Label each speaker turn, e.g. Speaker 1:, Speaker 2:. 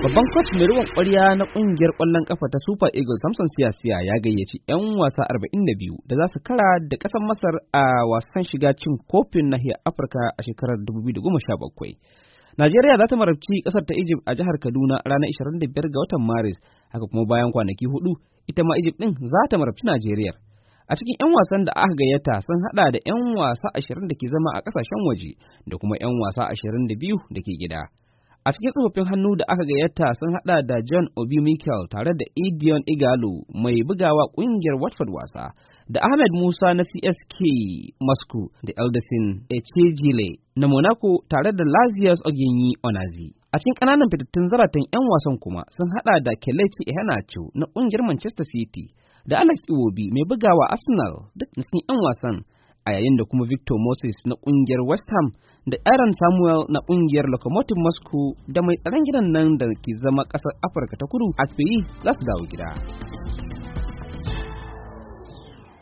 Speaker 1: Babban coach mai ruwan kwarya na ƙungiyar ƙwallon ƙafa ta Super Eagles Samson Siyasiya ya gayyaci 'yan wasa 42 da za su kara da ƙasar Masar a wasan shiga cin kofin nahiyar Afirka a shekarar 2017. Najeriya za ta marabci ƙasar ta Egypt a jihar Kaduna ranar 25 ga watan Maris, haka kuma bayan kwanaki hudu ita ma Egypt ɗin za ta marabci Najeriya. A cikin 'yan wasan da aka gayyata sun haɗa da 'yan wasa 20 da ke zama a ƙasashen waje da kuma 'yan wasa 22 da ke gida. A cikin tsofaffin hannu da aka gayyata sun haɗa da John Obi Mikel tare da Idion Igalo mai bugawa ƙungiyar Watford wasa da Ahmed Musa na CSK Moscow da eldesin Echejile na Monaco tare da Lazius Ogenyi Onazi. A cikin ƙananan fitattun zaratan 'yan wasan kuma sun haɗa da Kelechi Iheanacho na ƙungiyar Manchester City da Alex Iwobi mai bugawa Arsenal duk na cikin 'yan wasan a yayin da kuma Victor Moses na ƙungiyar West Ham da Aaron Samuel na ƙungiyar Lokomotiv Moscow da mai tsaron gidan nan da ke zama ƙasar Afirka ta Kudu a za su dawo gida.